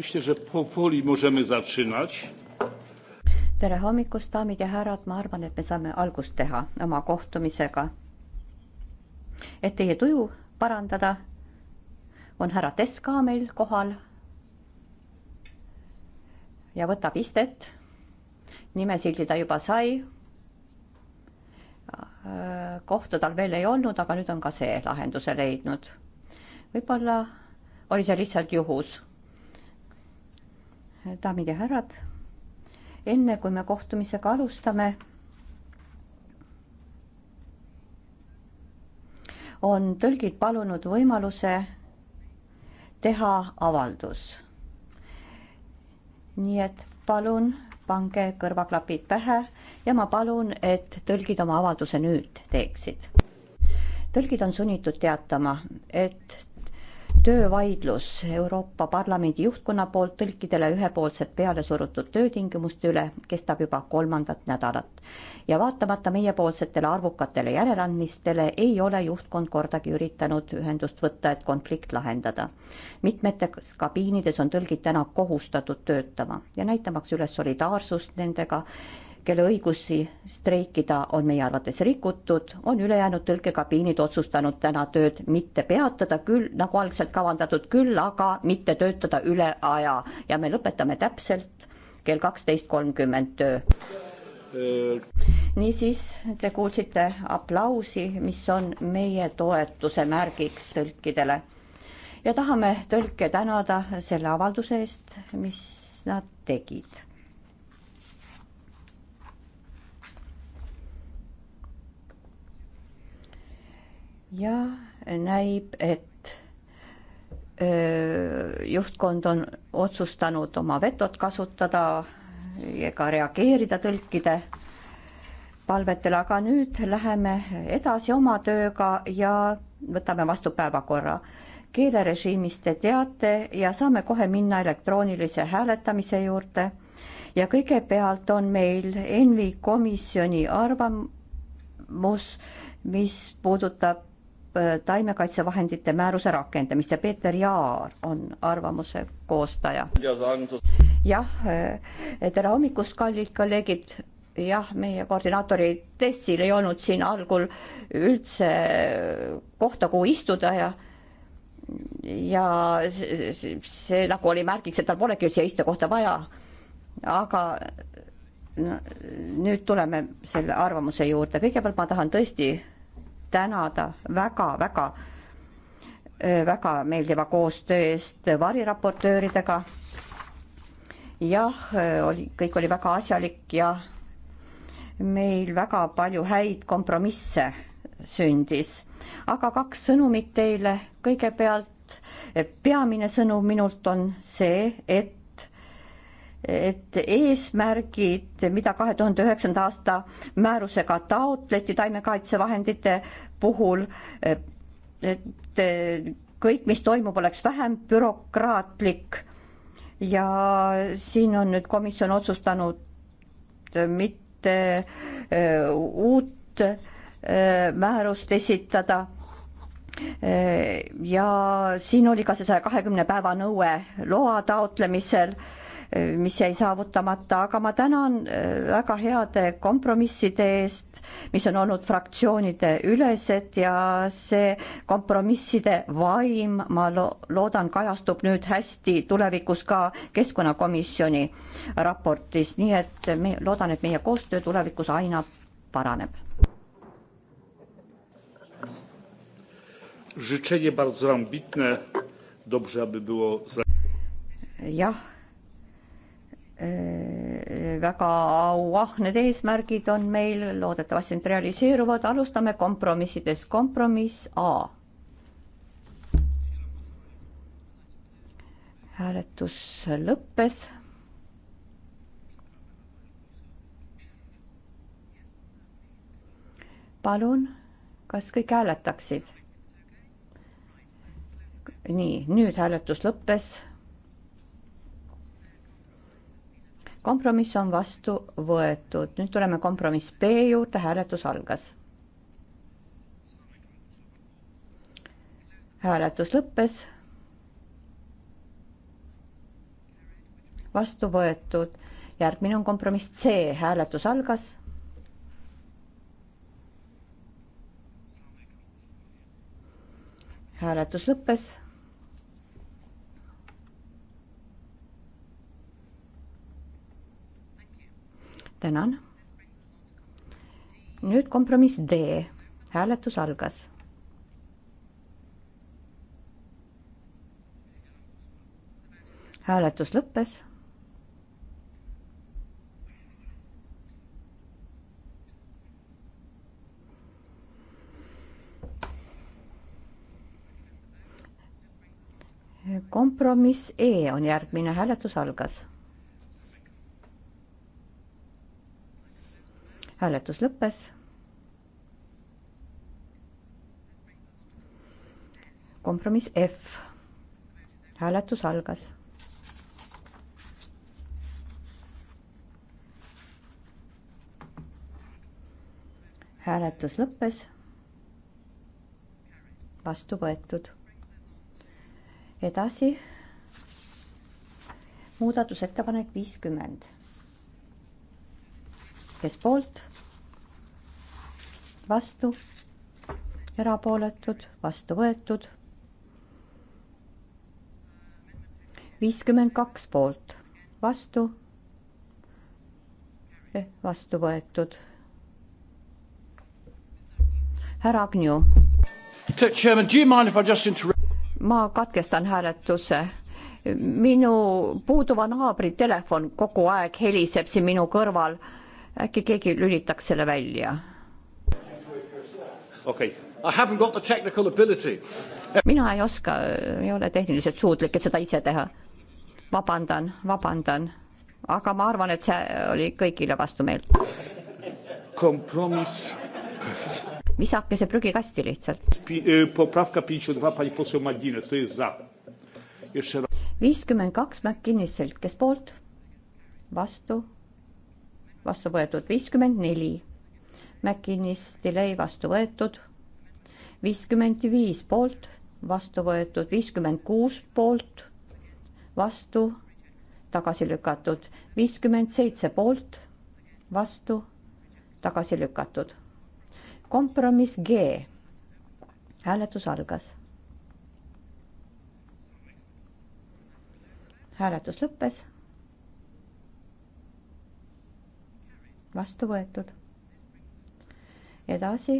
Myślę, że powoli możemy zaczynać. tere hommikust, daamid ja härrad, ma arvan, et me saame algust teha oma kohtumisega. et teie tuju parandada, on härra Tess ka meil kohal. ja võtab istet. nimesildi ta juba sai. kohta tal veel ei olnud, aga nüüd on ka see lahenduse leidnud. võib-olla oli see lihtsalt juhus daamid ja härrad, enne kui me kohtumisega alustame, on tõlgid palunud võimaluse teha avaldus. nii et palun pange kõrvaklapid pähe ja ma palun, et tõlgid oma avalduse nüüd teeksid. tõlgid on sunnitud teatama, et töövaidlus Euroopa Parlamendi juhtkonna poolt tõlkidele ühepoolselt peale surutud töötingimuste üle kestab juba kolmandat nädalat ja vaatamata meiepoolsetele arvukatele järeleandmistele ei ole juhtkond kordagi üritanud ühendust võtta, et konflikt lahendada. mitmetes kabiinides on tõlgid täna kohustatud töötama ja näitamaks üles solidaarsust nendega kelle õigusi streikida on meie arvates rikutud, on ülejäänud tõlkekabiinid otsustanud täna tööd mitte peatada küll, nagu algselt kavandatud, küll aga mitte töötada üle aja ja me lõpetame täpselt kell kaksteist kolmkümmend töö. niisiis, te kuulsite aplausi, mis on meie toetuse märgiks tõlkidele. ja tahame tõlke tänada selle avalduse eest, mis nad tegid ja näib, et juhtkond on otsustanud oma vetot kasutada ega reageerida tõlkide palvetele, aga nüüd läheme edasi oma tööga ja võtame vastu päevakorra. keelerežiimist te teate ja saame kohe minna elektroonilise hääletamise juurde. ja kõigepealt on meil ENVI komisjoni arvamus, mis puudutab Äh, taimekaitsevahendite määruse rakendamist ja Peeter Jaar on arvamuse koostaja. jah, äh, tere hommikust, kallid kolleegid. jah, meie koordinaatori Tessil ei olnud siin algul üldse kohta, kuhu istuda ja ja see, see, see nagu oli märgiks, et tal polegi siia istekohta vaja. aga no, nüüd tuleme selle arvamuse juurde, kõigepealt ma tahan tõesti tänada väga-väga väga meeldiva koostöö eest variraportööridega. jah, oli, kõik oli väga asjalik ja meil väga palju häid kompromisse sündis, aga kaks sõnumit teile. kõigepealt peamine sõnum minult on see, et et eesmärgid, mida kahe tuhande üheksanda aasta määrusega taotleti taimekaitsevahendite puhul, et kõik, mis toimub, oleks vähem bürokraatlik. ja siin on nüüd komisjon otsustanud mitte äh, uut äh, määrust esitada äh, ja siin oli ka see saja kahekümne päeva nõue loa taotlemisel Eh, mis jäi saavutamata, aga ma tänan eh, väga heade kompromisside eest, mis on olnud fraktsioonide ülesed ja see kompromisside vaim, ma lo-, loodan, kajastub nüüd hästi tulevikus ka keskkonnakomisjoni raportis, nii et me loodan, et meie koostöö tulevikus aina paraneb. życzenie bardzo ambitne. Dobrze, aby było. Jah Äh, väga auahned eesmärgid on meil, loodetavasti need realiseeruvad, alustame kompromissidest, kompromiss A. hääletus lõppes. palun, kas kõik hääletaksid? nii, nüüd hääletus lõppes kompromiss on vastu võetud, nüüd tuleme kompromiss B juurde, hääletus algas. hääletus lõppes. vastu võetud, järgmine on kompromiss C, hääletus algas. hääletus lõppes tänan. nüüd kompromiss D, hääletus algas. hääletus lõppes. kompromiss E on järgmine, hääletus algas hääletus lõppes. kompromiss F. hääletus algas hääletus lõppes. vastu võetud. edasi muudatusettepanek viiskümmend kes poolt, vastu, erapooletud, vastu võetud. viiskümmend kaks poolt, vastu eh,, vastu võetud. härra Agnew. ma katkestan hääletuse minu puuduva naabri telefon kogu aeg heliseb siin minu kõrval äkki keegi lülitaks selle välja? okei okay., I haven't got the technical ability mina ei oska, ei ole tehniliselt suutlik, et seda ise teha. vabandan, vabandan, aga ma arvan, et see oli kõigile vastumeelt. kompromiss. visake see prügikasti lihtsalt. viiskümmend kaks McKinniselt, kes poolt? vastu vastu võetud, viiskümmend neli. McKinnist delay vastu võetud, viiskümmend viis poolt, vastu võetud, viiskümmend kuus poolt, vastu, tagasi lükatud, viiskümmend seitse poolt, vastu, tagasi lükatud. kompromiss G. hääletus algas. hääletus lõppes vastu võetud. edasi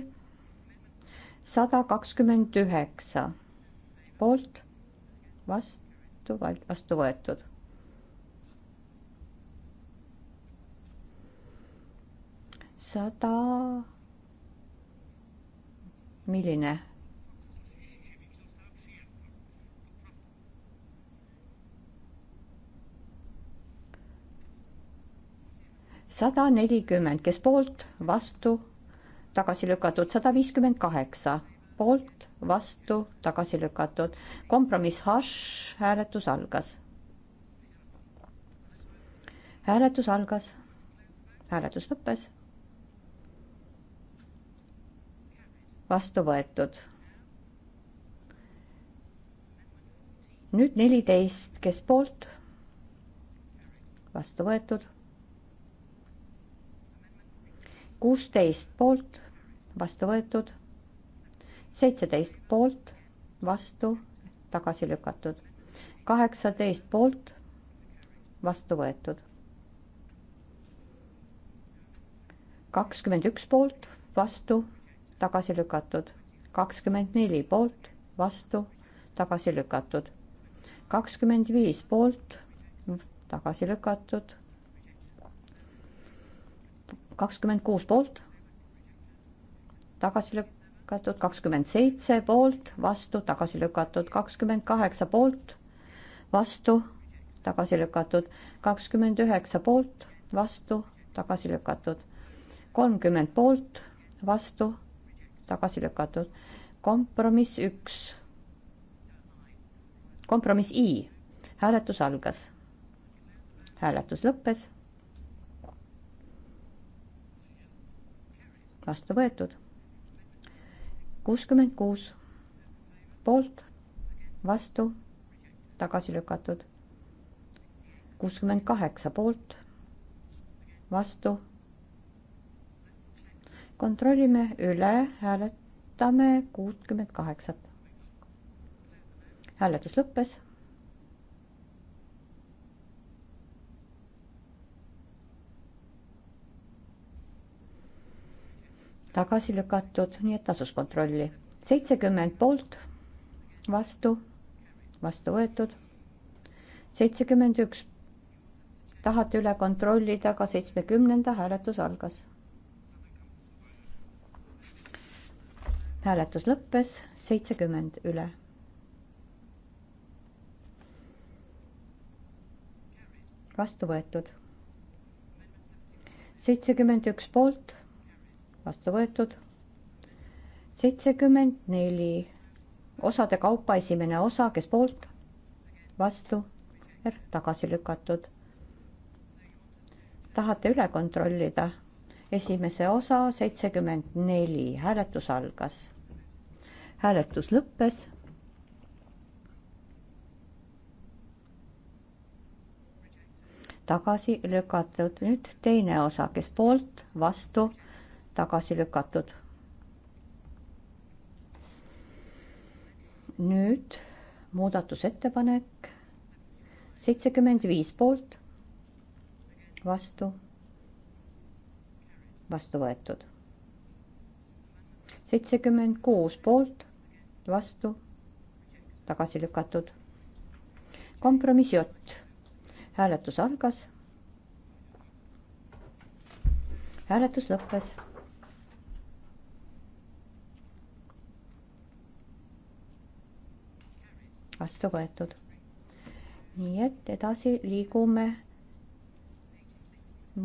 sada kakskümmend üheksa poolt, vastu, vastu võetud. sada, milline sada nelikümmend, kes poolt, vastu, tagasi lükatud, sada viiskümmend kaheksa, poolt, vastu, tagasi lükatud. kompromiss hašš, hääletus algas. hääletus algas, hääletus lõppes. vastu võetud. nüüd neliteist, kes poolt, vastu võetud kuusteist poolt, vastu võetud, seitseteist poolt, vastu, tagasi lükatud, kaheksateist poolt, vastu võetud, kakskümmend üks poolt, vastu, tagasi lükatud, kakskümmend neli poolt, vastu, tagasi lükatud, kakskümmend viis poolt, tagasi lükatud kakskümmend kuus poolt, tagasi lükatud, kakskümmend seitse poolt, vastu, tagasi lükatud, kakskümmend kaheksa poolt, vastu, tagasi lükatud, kakskümmend üheksa poolt, vastu, tagasi lükatud, kolmkümmend poolt, vastu, tagasi lükatud, kompromiss üks, kompromiss I, hääletus algas hääletus lõppes vastu võetud. kuuskümmend kuus poolt, vastu, tagasi lükatud. kuuskümmend kaheksa poolt, vastu. kontrollime üle, hääletame kuutkümmend kaheksat. hääletus lõppes tagasi lükatud, nii et tasus kontrolli. seitsekümmend poolt, vastu, vastu võetud. seitsekümmend üks. tahate üle kontrollida, ka seitsmekümnenda hääletus algas. hääletus lõppes seitsekümmend üle. vastu võetud. seitsekümmend üks poolt vastu võetud. seitsekümmend neli osade kaupa esimene osa, kes poolt, vastu, er-, tagasi lükatud. tahate üle kontrollida? esimese osa seitsekümmend neli, hääletus algas. hääletus lõppes. tagasi lükatud, nüüd teine osa, kes poolt, vastu tagasi lükatud. nüüd muudatusettepanek seitsekümmend viis poolt, vastu, vastu võetud. seitsekümmend kuus poolt, vastu, tagasi lükatud. kompromiss J, hääletus algas hääletus lõppes vastu võetud. nii et edasi liigume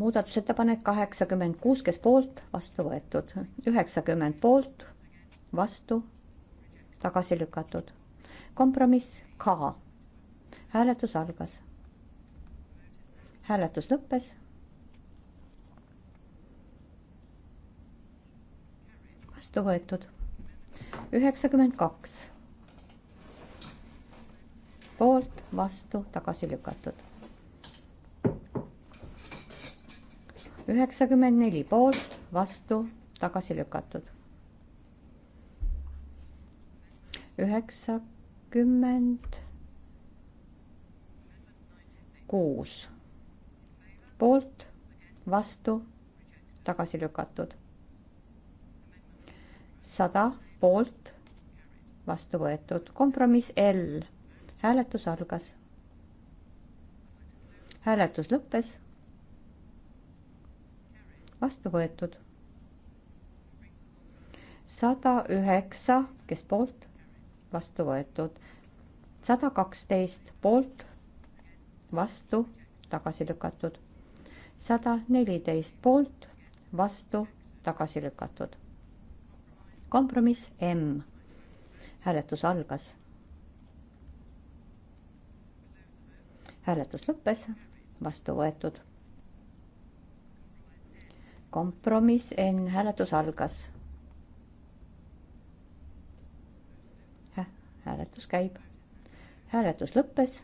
muudatusettepanek kaheksakümmend kuus, kes poolt, vastu võetud, üheksakümmend poolt, vastu, tagasi lükatud. kompromiss K. hääletus algas. hääletus lõppes. vastu võetud üheksakümmend kaks poolt, vastu, tagasi lükatud. üheksakümmend neli poolt, vastu, tagasi lükatud. üheksakümmend kuus poolt, vastu, tagasi lükatud. sada poolt, vastu võetud, kompromiss L hääletus algas. hääletus lõppes. vastu võetud. sada üheksa, kes poolt, vastu võetud. sada kaksteist poolt, vastu, tagasi lükatud. sada neliteist poolt, vastu, tagasi lükatud. kompromiss M. hääletus algas hääletus lõppes, vastu võetud. kompromiss N hääletus algas Hä,. hääletus käib, hääletus lõppes,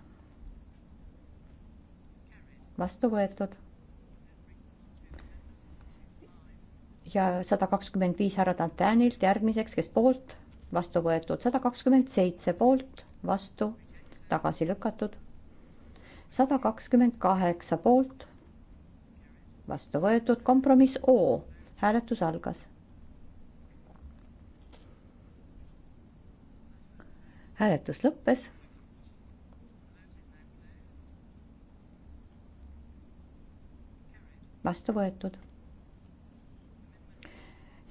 vastu võetud. ja sada kakskümmend viis härra Tantanilt järgmiseks, kes poolt, vastu võetud, sada kakskümmend seitse poolt, vastu, tagasi lükatud sada kakskümmend kaheksa poolt, vastu võetud, kompromiss O, hääletus algas. hääletus lõppes. vastu võetud.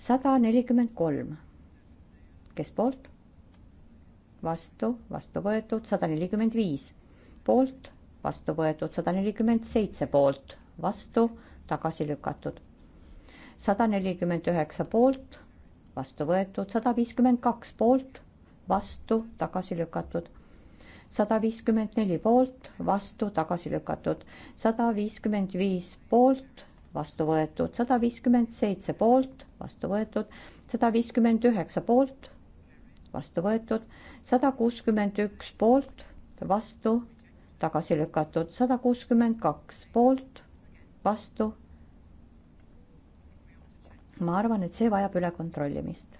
sada nelikümmend kolm, kes poolt? vastu, vastu võetud, sada nelikümmend viis poolt vastu võetud, sada nelikümmend seitse poolt, vastu, tagasi lükatud. sada nelikümmend üheksa poolt, vastu võetud, sada viiskümmend kaks poolt, vastu, tagasi lükatud. sada viiskümmend neli poolt, vastu, tagasi lükatud. sada viiskümmend viis poolt, vastu võetud, sada viiskümmend seitse poolt, vastu võetud, sada viiskümmend üheksa poolt, vastu võetud, sada kuuskümmend üks poolt, vastu, tagasi lükatud, sada kuuskümmend kaks poolt, vastu. ma arvan, et see vajab üle kontrollimist.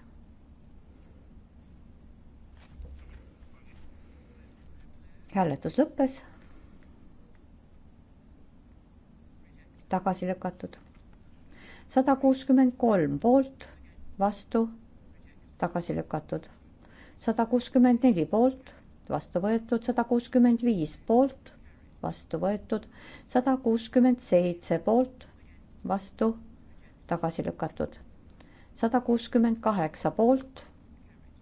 hääletus lõppes. tagasi lükatud. sada kuuskümmend kolm poolt, vastu, tagasi lükatud. sada kuuskümmend neli poolt vastu võetud sada kuuskümmend viis poolt, vastu võetud sada kuuskümmend seitse poolt, vastu tagasi lükatud sada kuuskümmend kaheksa poolt,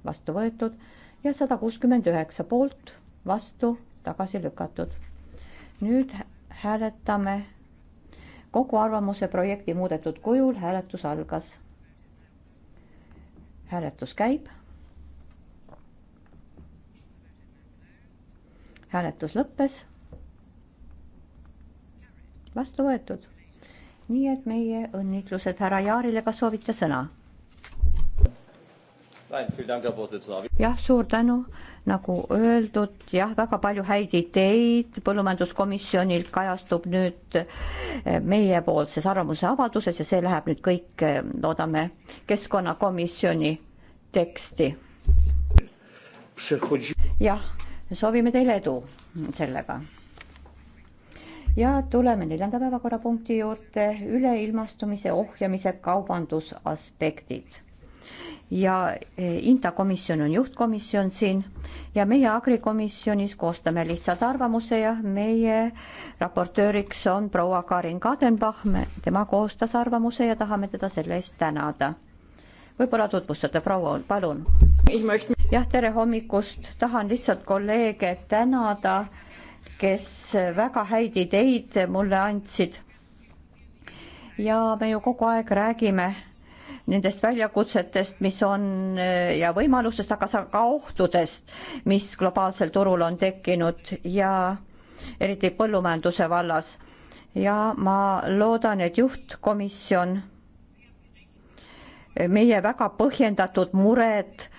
vastu võetud ja sada kuuskümmend üheksa poolt, vastu tagasi lükatud. nüüd hääletame kogu arvamuse projekti muudetud kujul, hääletus algas. hääletus käib hääletus lõppes. vastu võetud. nii et meie õnnitlused härra Jaarile, kas soovite sõna? jah, suur tänu, nagu öeldud, jah, väga palju häid ideid põllumajanduskomisjonilt kajastub nüüd eh, meiepoolses arvamuse avalduses ja see läheb nüüd kõik, eh, loodame, keskkonnakomisjoni teksti. jah soovime teile edu sellega. ja tuleme neljanda päevakorrapunkti juurde, üleilmastumise ohjamise kaubandusaspektid. ja e, Inta komisjon on juhtkomisjon siin ja meie agrikomisjonis koostame lihtsalt arvamuse ja meie raportööriks on proua Karin Kadenbach, tema koostas arvamuse ja tahame teda selle eest tänada. võib-olla tutvustate, proua, palun? jah, tere hommikust, tahan lihtsalt kolleege tänada, kes väga häid ideid mulle andsid. ja me ju kogu aeg räägime nendest väljakutsetest, mis on ja võimalustest, aga ka ohtudest, mis globaalsel turul on tekkinud ja eriti põllumajanduse vallas. ja ma loodan, et juhtkomisjon meie väga põhjendatud mured äh,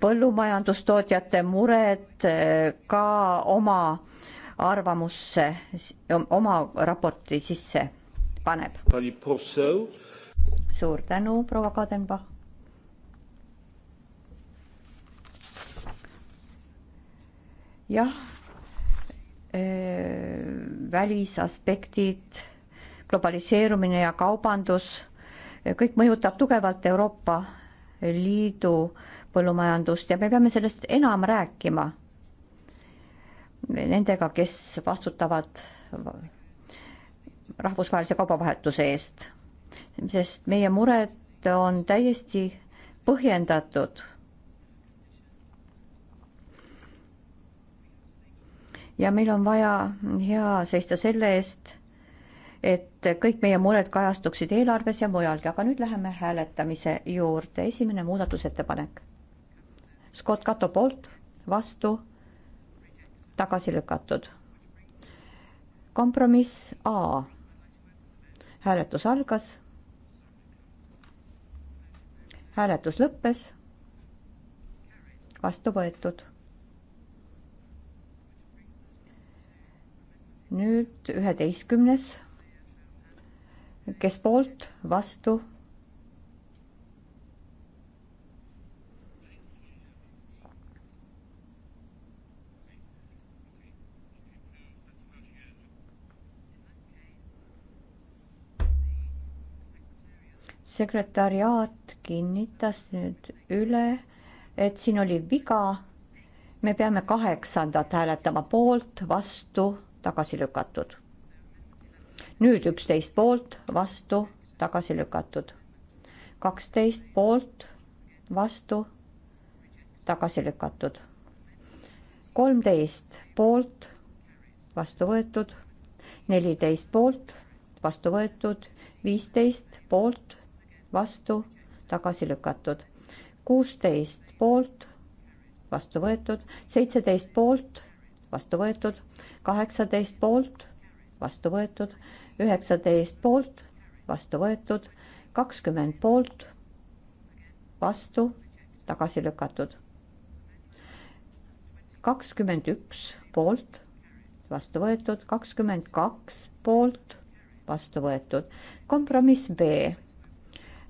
põllumajandustootjate mured eh, ka oma arvamusse, oma raporti sisse paneb. suur tänu, proua Kadenbach. jah, eh, välisaspektid, globaliseerumine ja kaubandus, eh, kõik mõjutab tugevalt Euroopa Liidu äh, põllumajandust ja me peame sellest enam rääkima nendega, kes vastutavad rahvusvahelise kaubavahetuse eest, sest meie mured on täiesti põhjendatud. ja meil on vaja hea seista selle eest, et kõik meie mured kajastuksid eelarves ja mujal, aga nüüd läheme hääletamise juurde. esimene muudatusettepanek Scott Cato poolt, vastu, tagasi lükatud. kompromiss A. hääletus algas. hääletus lõppes. vastu võetud nüüd üheteistkümnes, kes poolt, vastu, sekretariaat kinnitas nüüd üle, et siin oli viga. me peame kaheksandat hääletama poolt, vastu, tagasi lükatud. nüüd üksteist poolt, vastu, tagasi lükatud. kaksteist poolt, vastu, tagasi lükatud. kolmteist poolt, vastu võetud. neliteist poolt, vastu võetud. viisteist poolt vastu, tagasi lükatud. kuusteist poolt, vastu võetud, seitseteist poolt, vastu võetud, kaheksateist poolt, vastu võetud, üheksateist poolt, vastu võetud, kakskümmend poolt, vastu, tagasi lükatud. kakskümmend üks poolt, vastu võetud, kakskümmend kaks poolt, vastu võetud, kompromiss B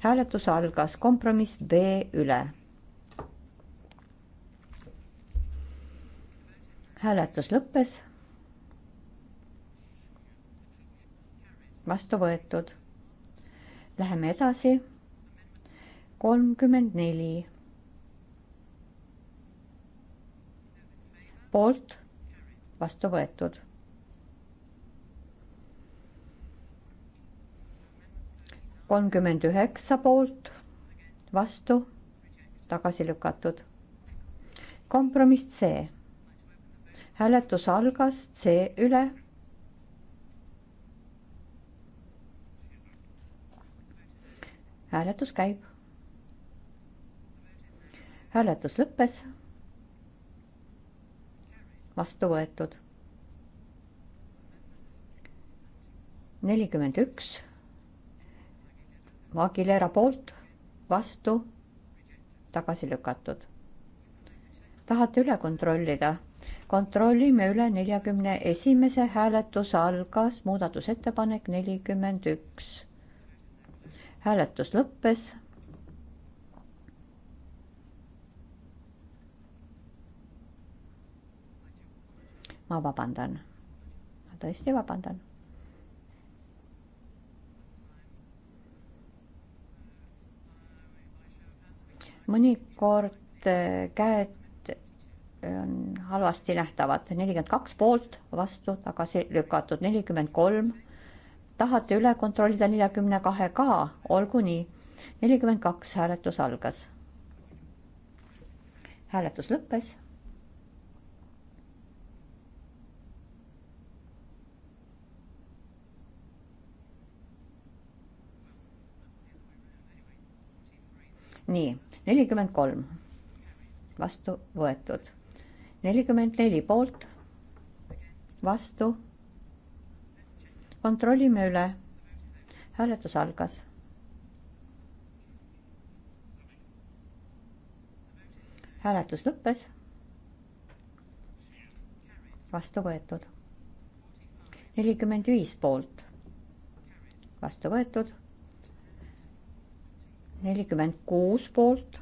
hääletus algas, kompromiss B üle. hääletus lõppes. vastu võetud. Läheme edasi. kolmkümmend neli. poolt, vastu võetud kolmkümmend üheksa poolt, vastu, tagasi lükatud. kompromiss C. hääletus algas C üle. hääletus käib. hääletus lõppes. vastu võetud. nelikümmend üks Aguilera poolt, vastu, tagasi lükatud. tahate üle kontrollida? kontrollime üle neljakümne esimese hääletus algas, muudatusettepanek nelikümmend üks. hääletus lõppes ma vabandan. ma tõesti vabandan mõnikord äh, käed äh, on halvasti nähtavad, nelikümmend kaks poolt, vastu, tagasi lükatud, nelikümmend kolm. tahate üle kontrollida neljakümne kahe ka, olgu nii. nelikümmend kaks hääletus algas. hääletus lõppes nii, nelikümmend kolm vastu võetud, nelikümmend neli poolt, vastu. kontrollime üle. hääletus algas. hääletus lõppes. vastu võetud, nelikümmend viis poolt, vastu võetud nelikümmend kuus poolt,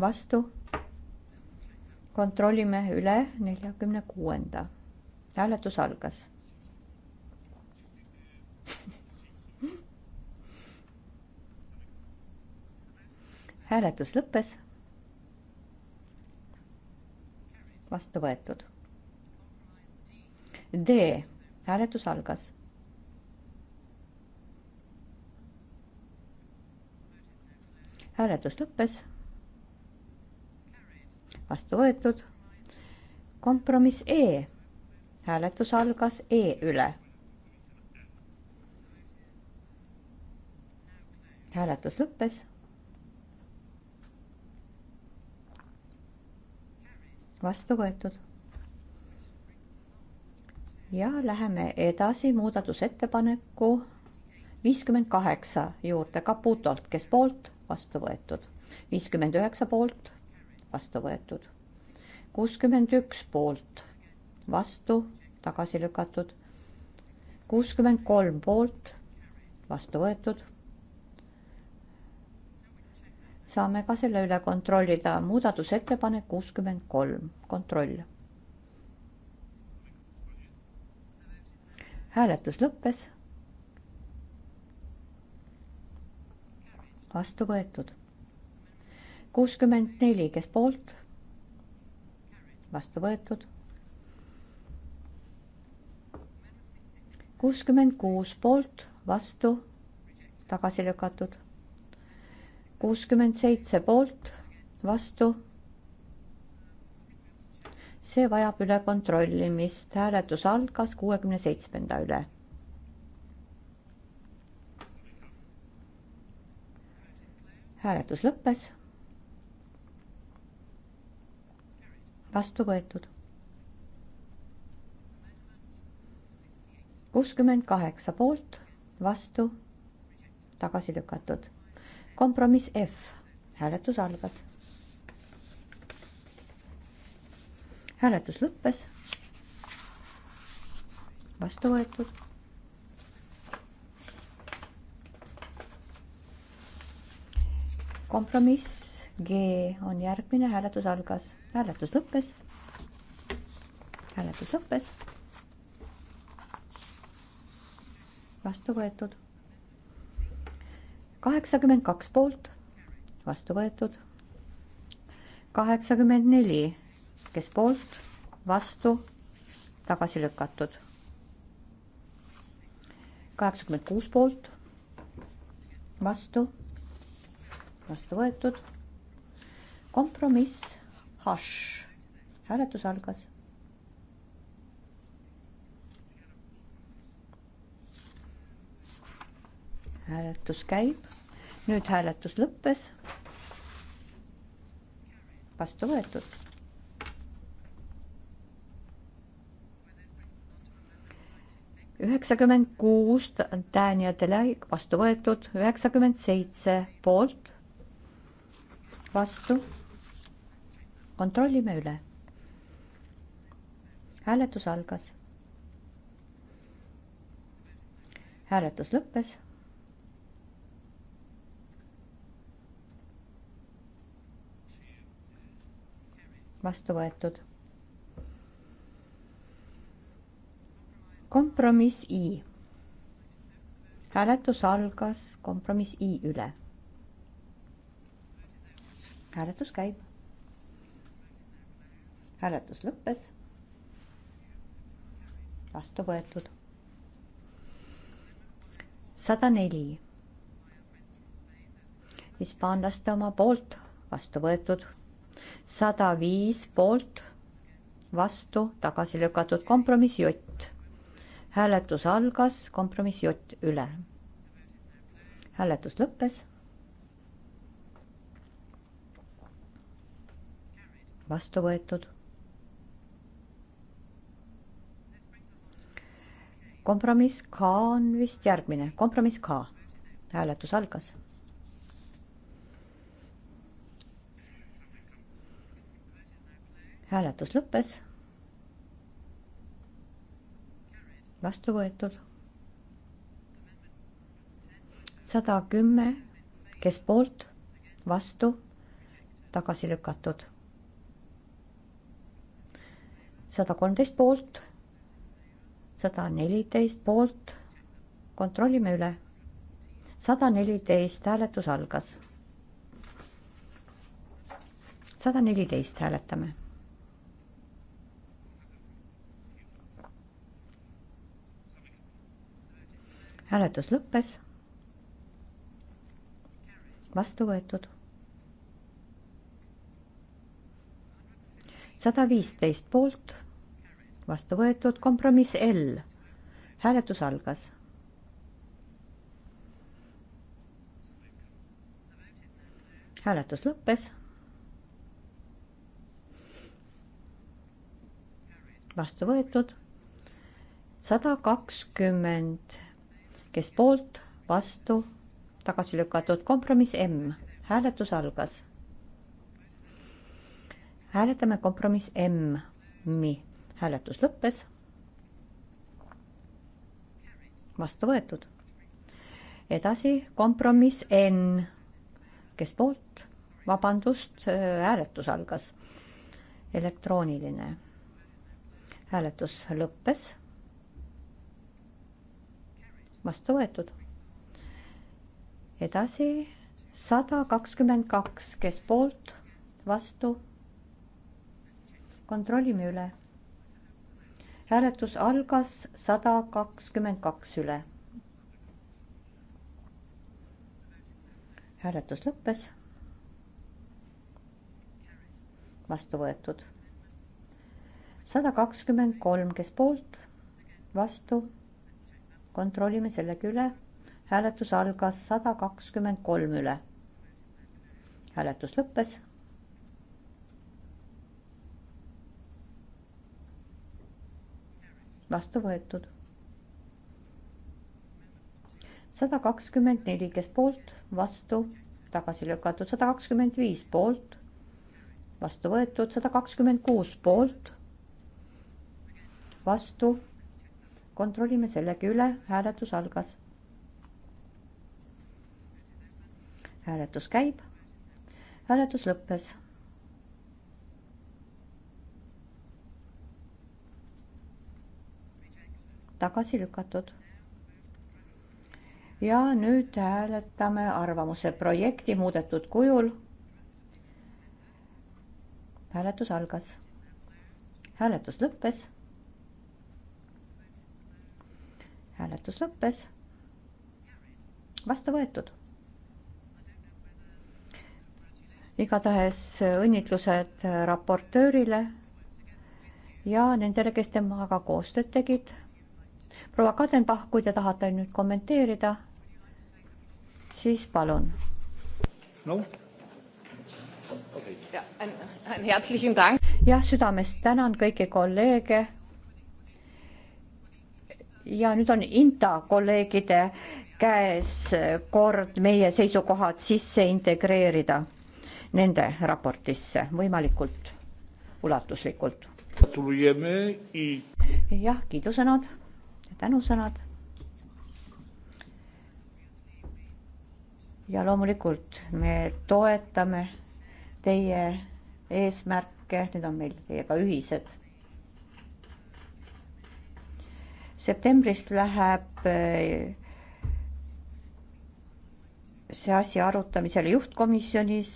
vastu. kontrollime üle neljakümne kuuenda. hääletus algas. hääletus lõppes. vastu võetud. D hääletus algas hääletus lõppes. vastu võetud. kompromiss E. hääletus algas E üle. hääletus lõppes. vastu võetud. ja läheme edasi muudatusettepaneku viiskümmend kaheksa juurde Caputolt, kes poolt vastu võetud, viiskümmend üheksa poolt, vastu võetud, kuuskümmend üks poolt, vastu, tagasi lükatud, kuuskümmend kolm poolt, vastu võetud. saame ka selle üle kontrollida, muudatusettepanek kuuskümmend kolm, kontroll. hääletus lõppes vastu võetud. kuuskümmend neli, kes poolt? vastu võetud. kuuskümmend kuus poolt, vastu, tagasi lükatud. kuuskümmend seitse poolt, vastu. see vajab üle kontrollimist, hääletus algas kuuekümne seitsmenda üle hääletus lõppes. vastu võetud. kuuskümmend kaheksa poolt, vastu, tagasi lükatud. kompromiss F, hääletus algas. hääletus lõppes. vastu võetud kompromiss G on järgmine, hääletus algas, hääletus lõppes. hääletus lõppes. vastu võetud. kaheksakümmend kaks poolt, vastu võetud. kaheksakümmend neli, kes poolt, vastu, tagasi lükatud. kaheksakümmend kuus poolt, vastu vastu võetud. kompromiss hašš, hääletus algas. hääletus käib, nüüd hääletus lõppes. vastu võetud üheksakümmend kuus Tanja Tele vastu võetud, üheksakümmend seitse poolt, vastu. kontrollime üle. hääletus algas. hääletus lõppes. vastu võetud. kompromiss I. hääletus algas kompromiss I üle hääletus käib. hääletus lõppes. vastu võetud. sada neli. hispaanlaste oma poolt vastu võetud. sada viis poolt vastu tagasi lükatud kompromiss jott. hääletus algas kompromiss jott üle. hääletus lõppes vastu võetud. kompromiss K on vist järgmine, kompromiss K. hääletus algas. hääletus lõppes. vastu võetud. sada kümme, kes poolt, vastu, tagasi lükatud sada kolmteist poolt, sada neliteist poolt. kontrollime üle. sada neliteist hääletus algas. sada neliteist hääletame. hääletus lõppes. vastu võetud. sada viisteist poolt vastu võetud, kompromiss L. hääletus algas. hääletus lõppes. vastu võetud sada kakskümmend, kes poolt, vastu, tagasi lükatud, kompromiss M, hääletus algas. hääletame kompromiss M-i hääletus lõppes. vastu võetud. edasi kompromiss N, kes poolt, vabandust, äh, hääletus algas, elektrooniline. hääletus lõppes. vastu võetud. edasi sada kakskümmend kaks, kes poolt, vastu. kontrollime üle hääletus algas sada kakskümmend kaks üle. hääletus lõppes. vastu võetud. sada kakskümmend kolm, kes poolt, vastu. kontrollime sellegi üle. hääletus algas sada kakskümmend kolm üle. hääletus lõppes vastu võetud. sada kakskümmend neli, kes poolt, vastu, tagasi lükatud, sada kakskümmend viis poolt, vastu võetud, sada kakskümmend kuus poolt, vastu. kontrollime sellegi üle, hääletus algas. hääletus käib, hääletus lõppes tagasi lükatud. ja nüüd hääletame arvamuse projekti muudetud kujul. hääletus algas. hääletus lõppes. hääletus lõppes. vastu võetud igatahes õnnitlused raportöörile ja nendele, kes temaga koostööd tegid proua Kadenbach, kui te tahate nüüd kommenteerida, siis palun no.. jah, südamest tänan kõiki kolleege. ja nüüd on INTA kolleegide käes kord meie seisukohad sisse integreerida nende raportisse võimalikult ulatuslikult. jah, kiidusõnad tänusõnad. ja loomulikult me toetame teie eesmärke, need on meil teiega ühised. septembris läheb eh, see asi arutamisele juhtkomisjonis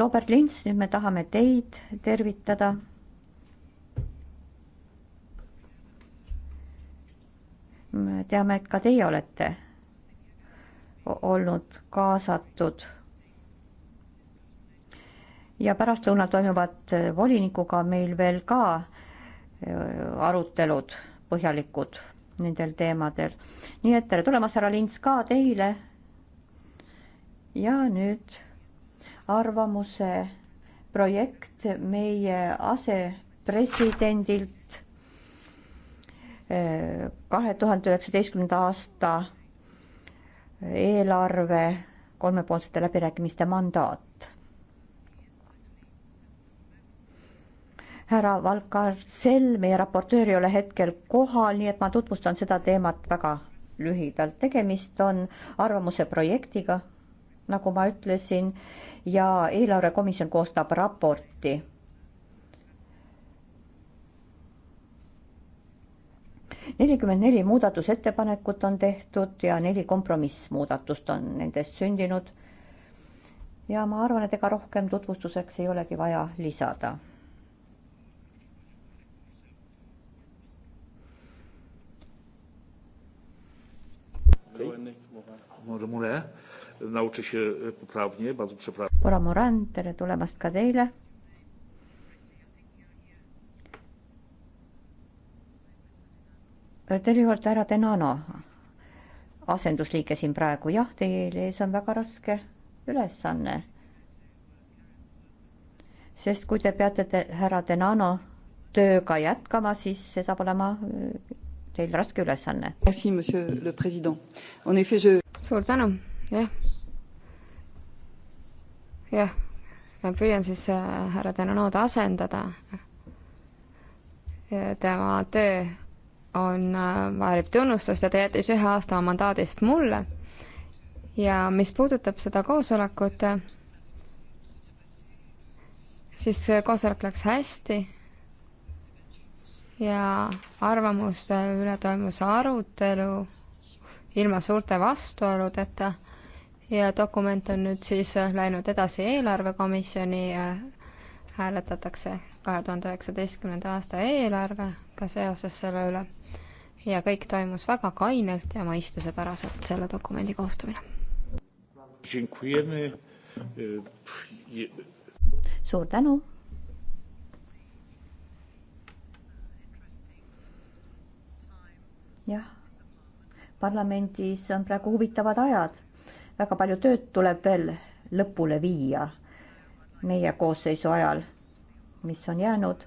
Robert Lints, nüüd me tahame teid tervitada me teame, et ka teie olete olnud kaasatud. ja pärastlõunal toimuvad eh, volinikuga meil veel ka eh, arutelud põhjalikud nendel teemadel. nii et tere tulemast, härra Lints, ka teile. ja nüüd arvamuse projekt meie asepresidendilt kahe tuhande üheksateistkümnenda aasta eelarve kolmepoolsete läbirääkimiste mandaat. härra Valkarsell, meie raportöör ei ole hetkel kohal, nii et ma tutvustan seda teemat väga lühidalt. tegemist on arvamuse projektiga, nagu ma ütlesin, ja eelarvekomisjon koostab raporti nelikümmend neli muudatusettepanekut on tehtud ja neli kompromissmuudatust on nendest sündinud. ja ma arvan, et ega rohkem tutvustuseks ei olegi vaja lisada. Mora Moran, tere tulemast ka teile Teil ei olnud härra Denano asendusliige siin praegu, jah, teil ees on väga raske ülesanne. sest kui te peate te, härra Denano tööga jätkama, siis see saab olema äh, teil raske ülesanne. suur tänu, jah. jah, ma püüan siis äh, härra Denanod asendada. Äh, tema töö on, äh, väärib tunnustust ja ta jättis ühe aasta oma mandaadist mulle. ja mis puudutab seda koosolekut, siis koosolek läks hästi ja arvamuste üle toimus arutelu ilma suurte vastuoludeta ja dokument on nüüd siis läinud edasi eelarvekomisjoni ja hääletatakse kahe tuhande üheksateistkümnenda aasta eelarvega seoses selle üle ja kõik toimus väga kainelt ja mõistusepäraselt, selle dokumendi koostamine. suur tänu. jah, parlamendis on praegu huvitavad ajad, väga palju tööd tuleb veel lõpule viia meie koosseisu ajal, mis on jäänud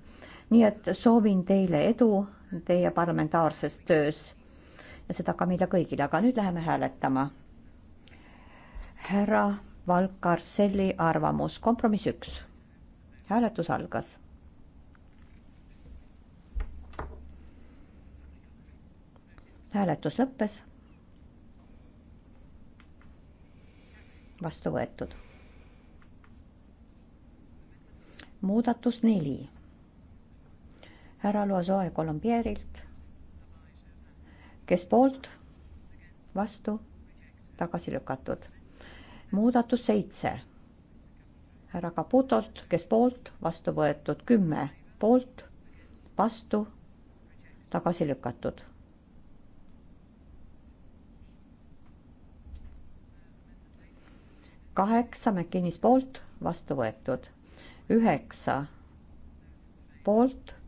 nii et soovin teile edu teie parlamentaarses töös ja seda ka meile kõigile, aga nüüd läheme hääletama. härra Valkarselli arvamus, kompromiss üks. hääletus algas hääletus lõppes. vastu võetud. muudatus neli härra Loasoe Kolumbierilt, kes poolt, vastu, tagasi lükatud. muudatus seitse, härra Caputolt, kes poolt, vastu võetud, kümme poolt, vastu, tagasi lükatud. kaheksa McKinnis poolt, vastu võetud, üheksa poolt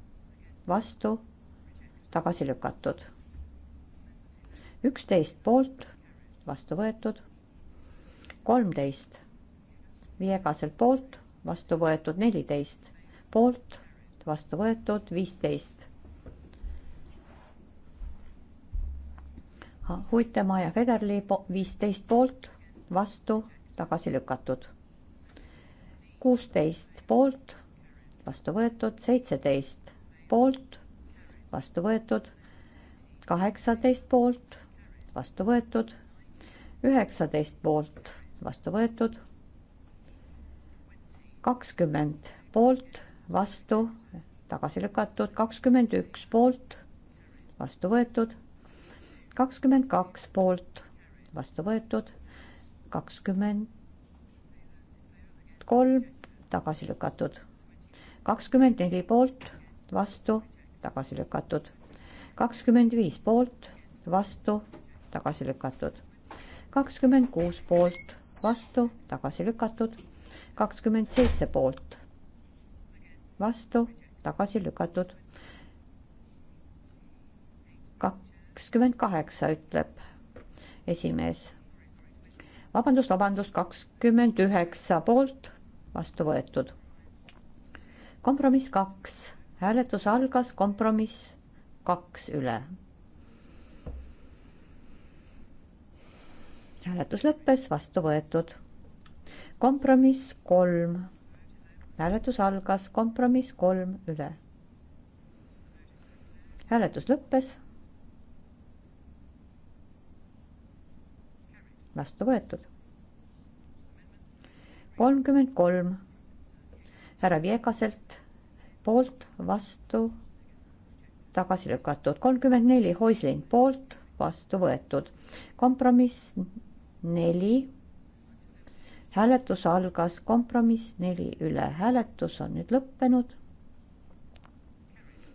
vastu, tagasi lükatud. üksteist poolt, vastu võetud. kolmteist, viiekaselt poolt, vastu võetud, neliteist poolt, vastu võetud, viisteist. Huitemaa ja Federli viisteist poolt, vastu, tagasi lükatud. kuusteist poolt, vastu võetud, seitseteist poolt, vastu võetud, kaheksateist poolt, vastu võetud, üheksateist poolt, vastu võetud, kakskümmend poolt, vastu, tagasi lükatud, kakskümmend üks poolt, vastu võetud, kakskümmend kaks poolt, vastu võetud, kakskümmend kolm tagasi lükatud, kakskümmend neli poolt vastu, tagasi lükatud. kakskümmend viis poolt, vastu, tagasi lükatud. kakskümmend kuus poolt, vastu, tagasi lükatud. kakskümmend seitse poolt, vastu, tagasi lükatud. kakskümmend kaheksa ütleb esimees. vabandust, vabandust, kakskümmend üheksa poolt, vastu võetud. kompromiss kaks hääletus algas, kompromiss kaks üle. hääletus lõppes, vastu võetud. kompromiss kolm. hääletus algas, kompromiss kolm üle. hääletus lõppes. vastu võetud. kolmkümmend kolm. härra Viekaselt poolt, vastu, tagasi lükatud. kolmkümmend neli, Hoisling poolt, vastu võetud. kompromiss neli. hääletus algas, kompromiss neli üle, hääletus on nüüd lõppenud.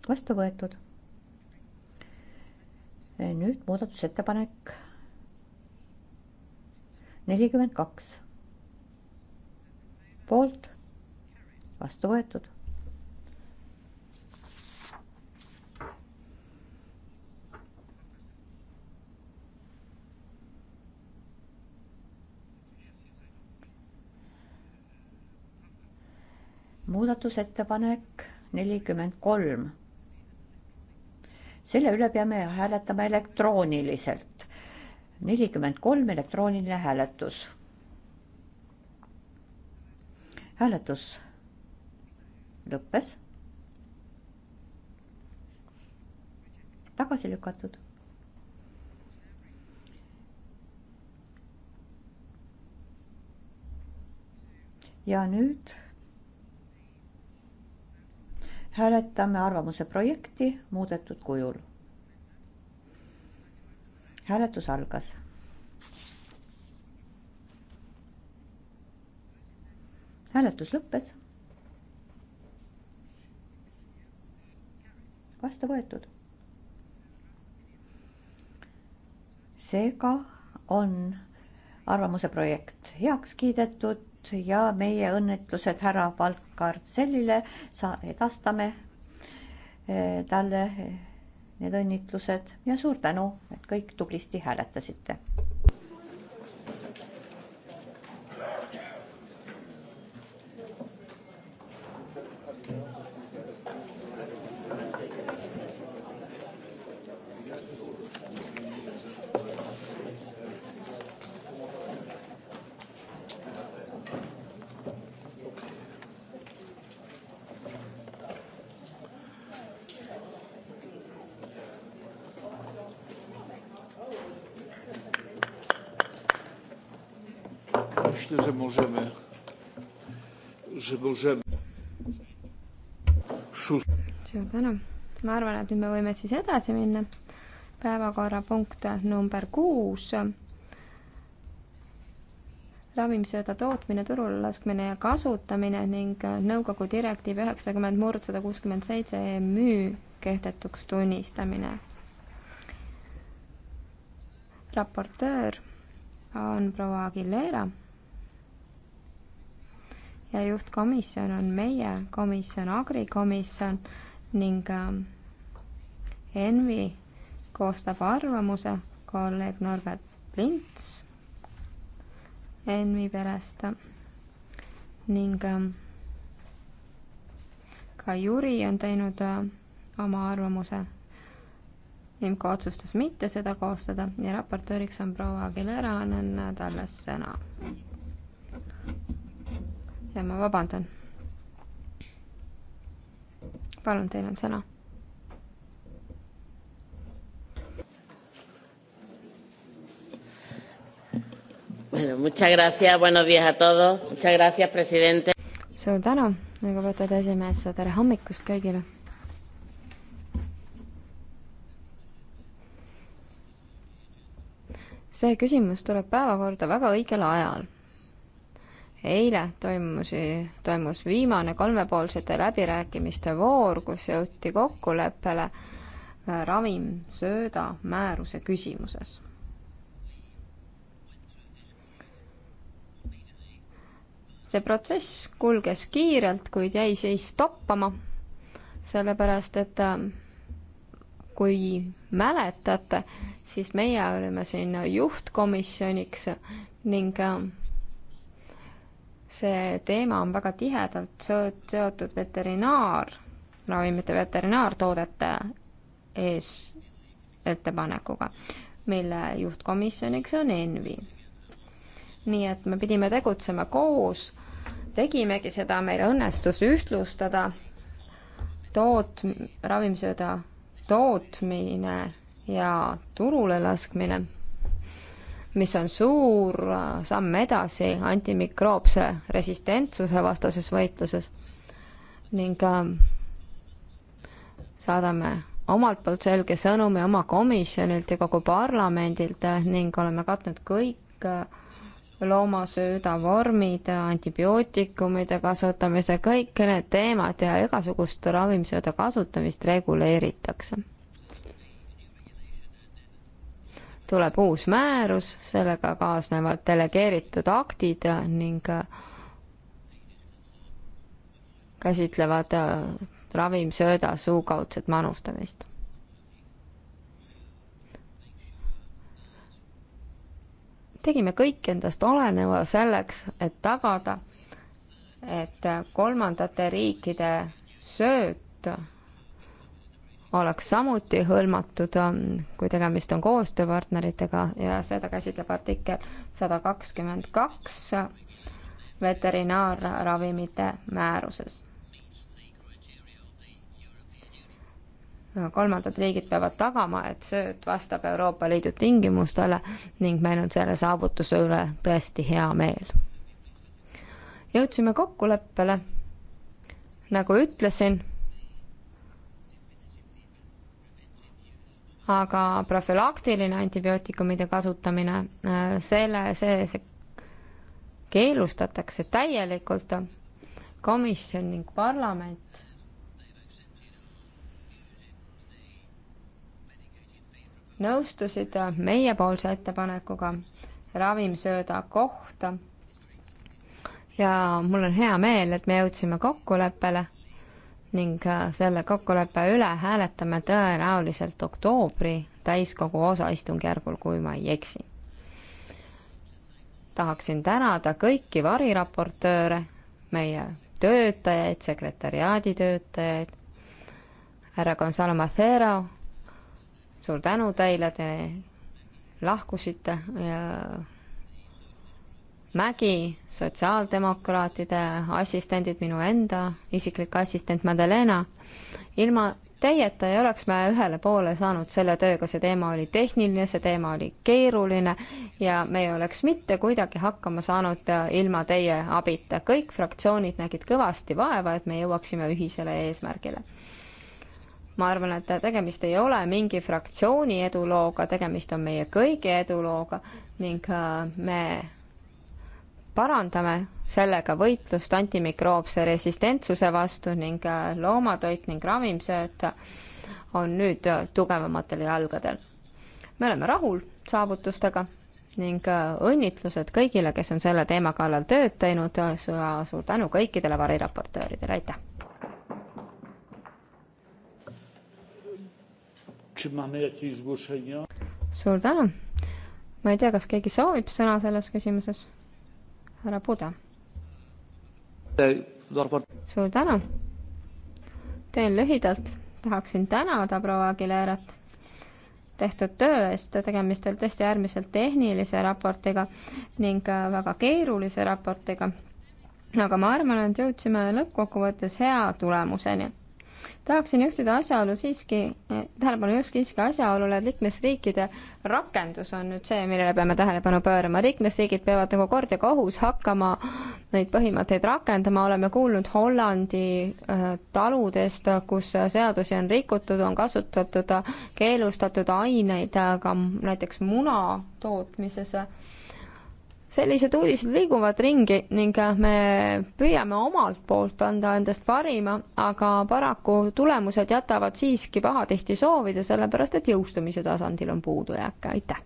vastu võetud. nüüd muudatusettepanek nelikümmend kaks. poolt, vastu võetud muudatusettepanek nelikümmend kolm. selle üle peame hääletama elektrooniliselt. nelikümmend kolm elektrooniline hääletus. hääletus lõppes. tagasi lükatud ja nüüd hääletame arvamuse projekti muudetud kujul. hääletus algas. hääletus lõppes. vastu võetud. seega on arvamuse projekt heaks kiidetud ja meie õnnetlused härra Valkartsellile sa-, edastame eh, talle eh, need õnnitlused ja suur tänu, et kõik tublisti hääletasite. suur tänu. ma arvan, et nüüd me võime siis edasi minna. päevakorrapunkt number kuus. ravimsööda tootmine, turule laskmine ja kasutamine ning nõukogu direktiiv üheksakümmend murd sada kuuskümmend seitse EMÜ kehtetuks tunnistamine. raportöör on proua Aguilera ja juhtkomisjon on meie komisjon, agrikomisjon ning äh, ENVI koostab arvamuse kolleeg Norbert Lints ENVI perest ning äh, ka Jüri on teinud äh, oma arvamuse. IMCO otsustas mitte seda koostada ja raportööriks on proua Aguilera, annan talle sõna ja ma vabandan. palun, teil on sõna. Bueno, muchas gracias, buenos días a todos, muchas gracias, presidente. suur tänu, lugupeetud esimees, tere hommikust kõigile see küsimus tuleb päevakorda väga õigel ajal eile toimusi, toimus viimane kolmepoolsete läbirääkimiste voor, kus jõuti kokkuleppele äh, ravimsööda määruse küsimuses. see protsess kulges kiirelt, kuid jäi siis toppama, sellepärast et äh, kui mäletate, siis meie olime siin juhtkomisjoniks ning äh, see teema on väga tihedalt seotud veterinaar, ravimite veterinaartoodete ees ettepanekuga, mille juhtkomisjoniks on ENVI. nii et me pidime tegutsema koos, tegimegi seda, meil õnnestus ühtlustada toot-, ravimsööda tootmine ja turule laskmine mis on suur äh, samm edasi antimikroobse resistentsuse vastases võitluses ning ähm, saadame omalt poolt selge sõnumi oma komisjonilt ja kogu parlamendilt äh, ning oleme katnud kõik äh, loomasööda vormid, antibiootikumide kasutamise, kõik need teemad ja igasugust ravimsööda kasutamist reguleeritakse tuleb uus määrus, sellega kaasnevad delegeeritud aktid ning äh, käsitlevad äh, ravimsööda suukaudset manustamist. tegime kõik endast oleneva selleks, et tagada, et kolmandate riikide sööt oleks samuti hõlmatud, ähm, kui tegemist on koostööpartneritega ja seda käsitleb artikkel sada kakskümmend kaks veterinaarravimite määruses. kolmandad riigid peavad tagama, et sööt vastab Euroopa Liidu tingimustele ning meil on selle saavutuse üle tõesti hea meel. jõudsime kokkuleppele, nagu ütlesin aga profülaktiline antibiootikumide kasutamine, äh, selle, see, see keelustatakse täielikult. komisjon ning parlament nõustusid meiepoolse ettepanekuga ravimsööda kohta. ja mul on hea meel, et me jõudsime kokkuleppele ning äh, selle kokkuleppe üle hääletame tõenäoliselt oktoobri täiskogu osaistungjärgul, kui ma ei eksi. tahaksin tänada kõiki variraportööre, meie töötajaid, sekretäriaadi töötajaid, härra Gonzalo Macero, suur tänu teile, te lahkusite ja Mägi, sotsiaaldemokraatide assistendid, minu enda isiklik assistent Madeleena. ilma teieta ei oleks me ühele poole saanud selle tööga, see teema oli tehniline, see teema oli keeruline ja me ei oleks mitte kuidagi hakkama saanud ilma teie abita. kõik fraktsioonid nägid kõvasti vaeva, et me jõuaksime ühisele eesmärgile ma arvan, et tegemist ei ole mingi fraktsiooni edulooga, tegemist on meie kõigi edulooga ning äh, me parandame sellega võitlust antimikroobse resistentsuse vastu ning äh, loomatoit ning ravimsööt on nüüd äh, tugevamatel jalgadel. me oleme rahul saavutustega ning äh, õnnitlused kõigile, kes on selle teema kallal tööd teinud ja suur tänu kõikidele variraportööridele, aitäh! suur tänu! ma ei tea, kas keegi soovib sõna selles küsimuses? härra Puda. suur tänu. teen lühidalt, tahaksin tänada proua Aguilerat tehtud töö eest, tegemist oli tõesti äärmiselt tehnilise raportiga ning äh, väga keerulise raportiga. aga ma arvan, et jõudsime lõppkokkuvõttes hea tulemuseni tahaksin juhtida asjaolu siiski, tähelepanu just siiski asjaolule, et liikmesriikide rakendus on nüüd see, millele peame tähelepanu pöörama. liikmesriigid peavad nagu kord ja kohus hakkama neid põhimõtteid rakendama, oleme kuulnud Hollandi äh, taludest, kus seadusi on rikutud, on kasutatud keelustatud aineid ka näiteks muna tootmises sellised uudised liiguvad ringi ning äh, me püüame omalt poolt anda endast parima, aga paraku tulemused jätavad siiski pahatihti soovida, sellepärast et jõustumise tasandil on puudujääke, aitäh.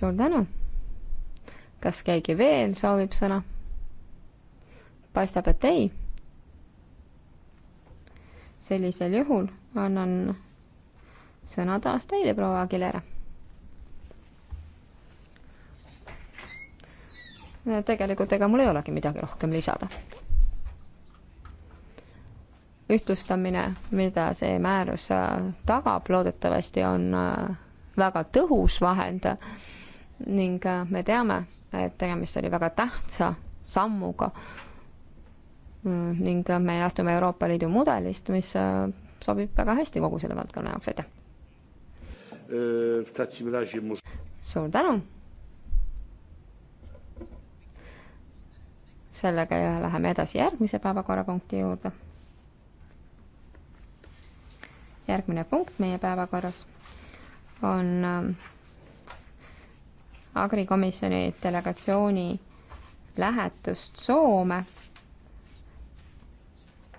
suur tänu. kas keegi veel soovib sõna? paistab, et ei. sellisel juhul annan sõna taas teile, proua Aguilera. tegelikult ega mul ei olegi midagi rohkem lisada. ühtlustamine, mida see määrus äh, tagab, loodetavasti on äh, väga tõhus vahend ning äh, me teame, et tegemist oli väga tähtsa sammuga ning me lähtume Euroopa Liidu mudelist, mis sobib väga hästi kogu selle valdkonna jaoks, aitäh! E, w takim razie może... suur tänu! sellega läheme edasi järgmise päevakorrapunkti juurde. järgmine punkt meie päevakorras on ähm, agrikomisjoni delegatsiooni lähetust Soome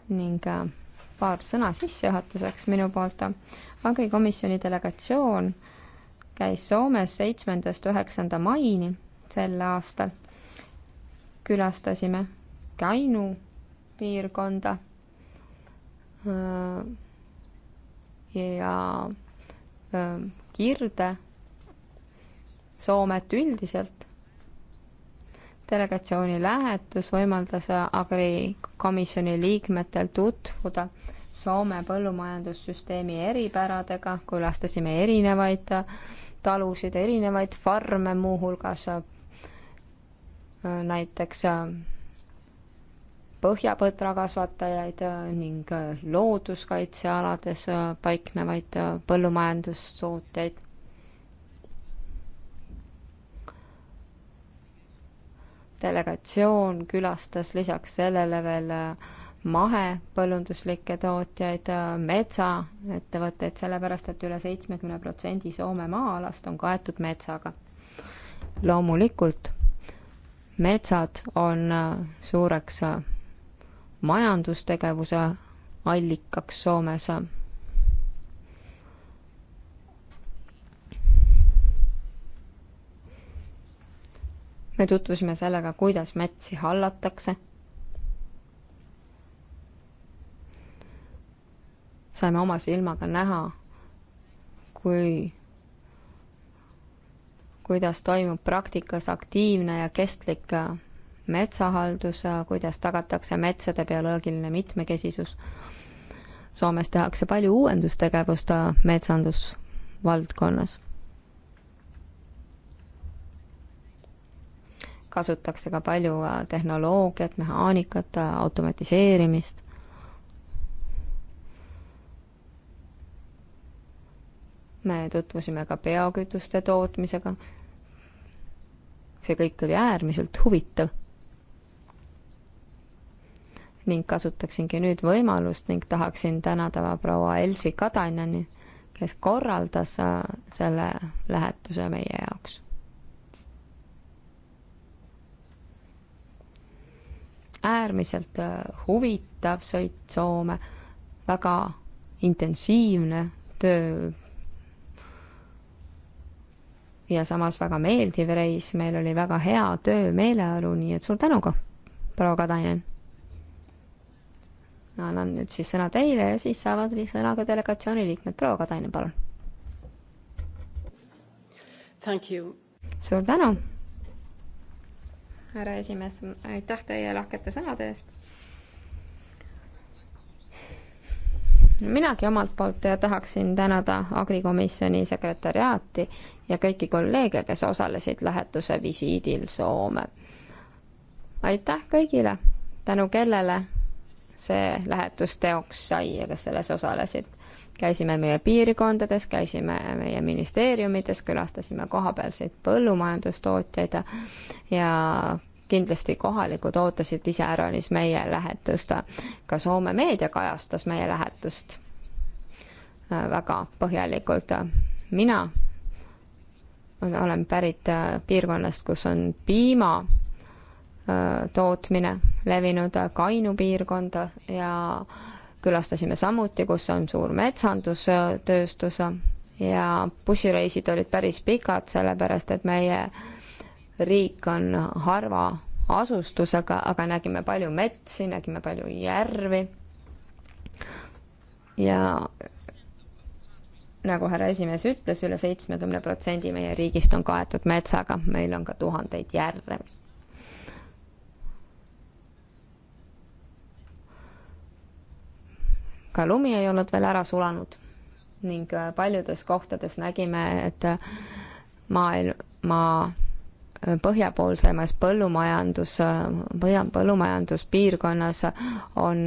ning äh, paar sõna sissejuhatuseks minu poolt agrikomisjoni delegatsioon käis Soomes seitsmendast üheksanda maini sel aastal. külastasime Kainu piirkonda ja Kirde Soomet üldiselt. delegatsiooni lähetus võimaldas agrikomisjoni liikmetel tutvuda Soome põllumajandussüsteemi eripäradega, külastasime erinevaid talusid, erinevaid farme, muuhulgas äh, näiteks äh, põhjapõtrakasvatajaid äh, ning looduskaitsealades paiknevaid põllumajandustooteid. delegatsioon külastas lisaks sellele veel mahepõllunduslikke tootjaid, metsaettevõtteid, sellepärast et üle seitsmekümne protsendi Soome maa-alast on kaetud metsaga. loomulikult metsad on suureks majandustegevuse allikaks Soomes. me tutvusime sellega, kuidas metsi hallatakse saime oma silmaga näha, kui, kuidas toimub praktikas aktiivne ja kestlik metsahaldus, kuidas tagatakse metsade bioloogiline mitmekesisus. Soomes tehakse palju uuendustegevust metsandusvaldkonnas. kasutatakse ka palju tehnoloogiat, mehaanikat, automatiseerimist me tutvusime ka biokütuste tootmisega. see kõik oli äärmiselt huvitav. ning kasutaksingi nüüd võimalust ning tahaksin tänada proua Elsi Kadanjani, kes korraldas äh, selle lähetuse meie jaoks äärmiselt äh, huvitav sõit Soome, väga intensiivne töö ja samas väga meeldiv reis, meil oli väga hea töömeeleolu, nii et suur tänu ka, proua Kadainen. annan nüüd siis sõna teile ja siis saavad sõna ka delegatsiooni liikmed. proua Kadainen, palun. suur tänu, härra esimees, aitäh teie lahkete sõnade eest minagi omalt poolt äh, tahaksin tänada agrikomisjoni sekretäriaati ja kõiki kolleege, kes osalesid lähetuse visiidil Soome. aitäh kõigile, tänu kellele see lähetus teoks sai ja kes selles osalesid. käisime meie piirkondades, käisime meie ministeeriumides, külastasime kohapealseid põllumajandustootjaid ja kindlasti kohalikud ootasid iseäranis meie lähetust. ka Soome meedia kajastas meie lähetust äh, väga põhjalikult. mina olen pärit äh, piirkonnast, kus on piima äh, tootmine levinud, Kainu piirkonda ja külastasime samuti, kus on suur metsandustööstus ja bussireisid olid päris pikad, sellepärast et meie riik on harva asustusega, aga nägime palju metsi, nägime palju järvi. ja nagu härra esimees ütles üle, üle seitsmekümne protsendi meie riigist on kaetud metsaga, meil on ka tuhandeid järve. ka lumi ei olnud veel ära sulanud ning paljudes kohtades nägime, et maailm, maa põhjapoolsemas põllumajandus, põhja, põllumajanduspiirkonnas on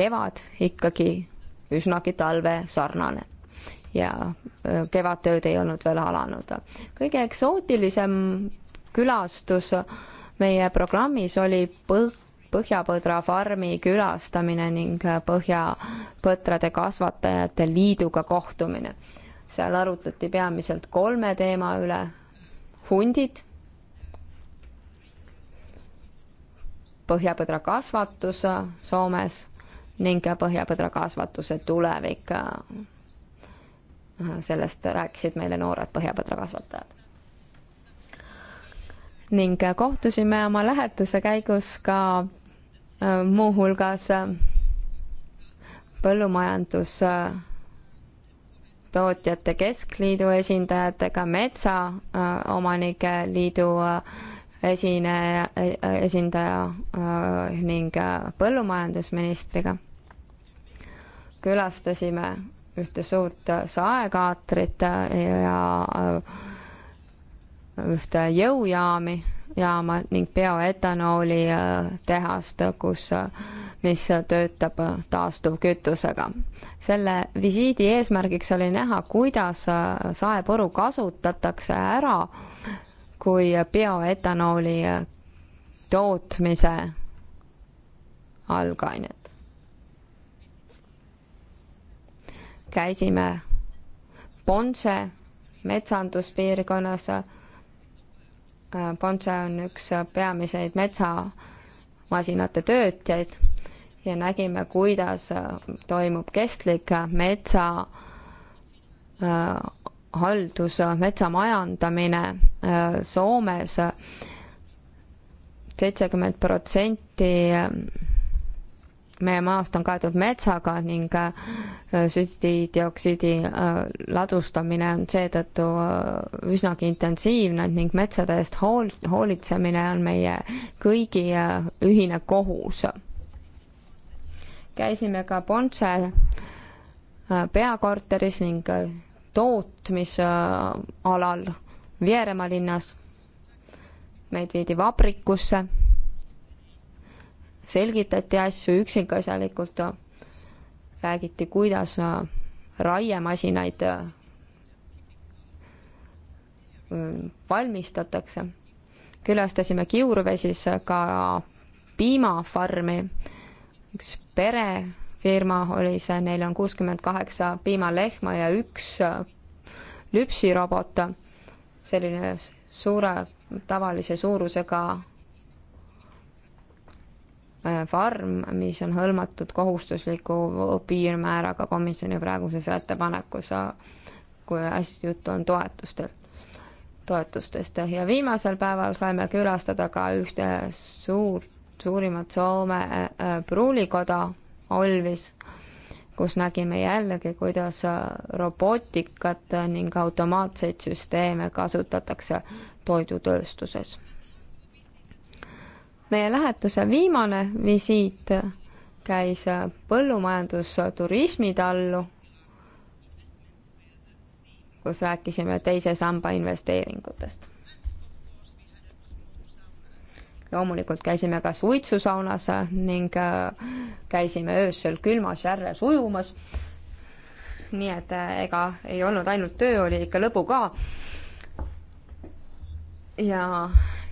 kevad ikkagi üsnagi talve sarnane ja kevadtööd ei olnud veel alanud. kõige eksootilisem külastus meie programmis oli põh-, Põhjapõdra farmi külastamine ning Põhjapõtrade Kasvatajate Liiduga kohtumine. seal arutleti peamiselt kolme teema üle, hundid, põhjapõdra kasvatus Soomes ning põhjapõdra kasvatuse tulevik. sellest rääkisid meile noored põhjapõdra kasvatajad. ning kohtusime oma lähetuse käigus ka äh, muuhulgas äh, põllumajandustootjate keskliidu esindajatega, metsaomanike liidu äh, esine, esindaja äh, ning äh, põllumajandusministriga. külastasime ühte suurt äh, saekaatrit ja ühte jõujaami, jaama ning bioetanooli tehast, kus, mis töötab taastuvkütusega. selle visiidi eesmärgiks oli näha, kuidas saeporu kasutatakse ära kui bioetanooli tootmise algainet. käisime Ponse metsanduspiirkonnas. Ponse on üks peamiseid metsamasinate töötjaid ja nägime, kuidas toimub kestlik metsa äh, haldus, metsamajandamine äh, Soomes seitsekümmend protsenti äh, meie maast on kaetud metsaga ning äh, süsitidioksiidi ladustamine on seetõttu üsnagi intensiivne ning metsade eest hool-, hoolitsemine on meie kõigi ühine kohus. käisime ka Ponce peakorteris ning tootmisalal Vieremaa linnas. meid viidi vabrikusse, selgitati asju üksikasjalikult, räägiti, kuidas raiemasinaid äh, valmistatakse. külastasime Kiuruvesis ka piimafarmi, üks pere firma oli see, neil on kuuskümmend kaheksa piimalehma ja üks äh, lüpsirobot, selline suure, tavalise suurusega äh, farm, mis on hõlmatud kohustusliku piirmääraga komisjoni praeguses ettepanekus, äh, kui hästi juttu on toetustel, toetustest ja viimasel päeval saime külastada ka ühte suurt, suurimat Soome pruulikoda, Olvis, kus nägime jällegi, kuidas robotikat ning automaatseid süsteeme kasutatakse toidutööstuses. meie lähetuse viimane visiit käis põllumajandusturismi tallu, kus rääkisime teise samba investeeringutest loomulikult käisime ka suitsusaunas ning äh, käisime öösel külmas järves ujumas. nii et äh, ega ei olnud ainult töö, oli ikka lõbu ka. ja